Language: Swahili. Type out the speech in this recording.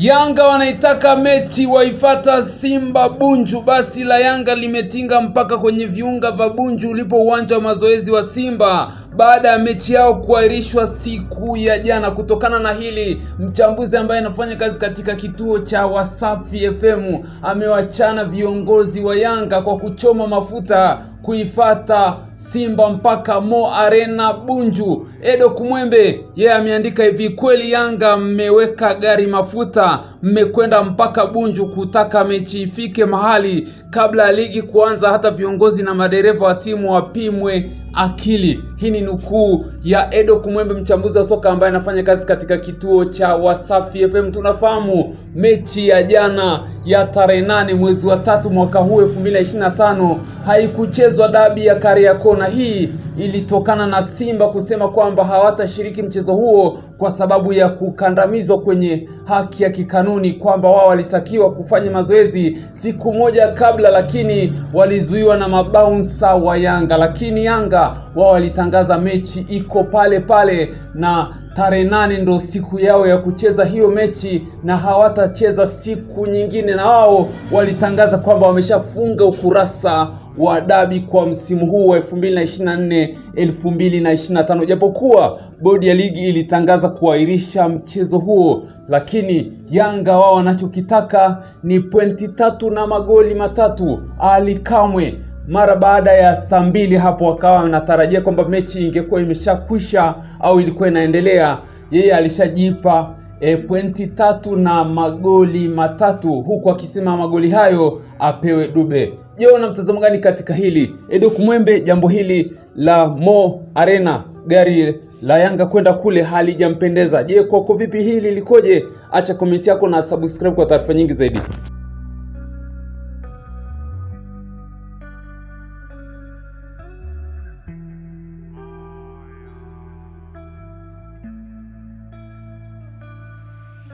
Yanga wanaitaka mechi waifata Simba Bunju. Basi la Yanga limetinga mpaka kwenye viunga vya Bunju ulipo uwanja wa mazoezi wa Simba baada ya mechi yao kuahirishwa siku ya jana. Kutokana na hili, mchambuzi ambaye anafanya kazi katika kituo cha Wasafi FM amewachana viongozi wa Yanga kwa kuchoma mafuta kuifata Simba mpaka Mo Arena Bunju. Edo Kumwembe yeye yeah, ameandika hivi: kweli Yanga mmeweka gari mafuta, mmekwenda mpaka Bunju kutaka mechi ifike mahali kabla ya ligi kuanza, hata viongozi na madereva wa timu wapimwe akili. Hii ni nukuu ya Edo Kumwembe, mchambuzi wa soka ambaye anafanya kazi katika kituo cha Wasafi FM. Tunafahamu mechi ya jana ya tarehe nane mwezi wa tatu mwaka huu 2025 haikuchezwa dabi ya Kariakoo na hii ilitokana na Simba kusema kwamba hawatashiriki mchezo huo kwa sababu ya kukandamizwa kwenye haki ya kikanuni, kwamba wao walitakiwa kufanya mazoezi siku moja kabla, lakini walizuiwa na mabaunsa wa Yanga. Lakini Yanga wao walitangaza mechi iko pale pale na Tarehe nane ndo siku yao ya kucheza hiyo mechi na hawatacheza siku nyingine, na wao walitangaza kwamba wameshafunga ukurasa wa dabi kwa msimu huu wa 2024 2025, japokuwa bodi ya ligi ilitangaza kuahirisha mchezo huo, lakini Yanga wao wanachokitaka ni pointi tatu na magoli matatu. Ali Kamwe mara baada ya saa mbili hapo wakawa anatarajia kwamba mechi ingekuwa imeshakwisha au ilikuwa inaendelea. Yeye alishajipa e, pointi tatu na magoli matatu, huku akisema magoli hayo apewe Dube. Je, una mtazamo gani katika hili Edok Kumwembe? Jambo hili la Mo Arena, gari la Yanga kwenda kule halijampendeza. Je, kwako vipi hili likoje? Acha komenti yako na subscribe kwa taarifa nyingi zaidi.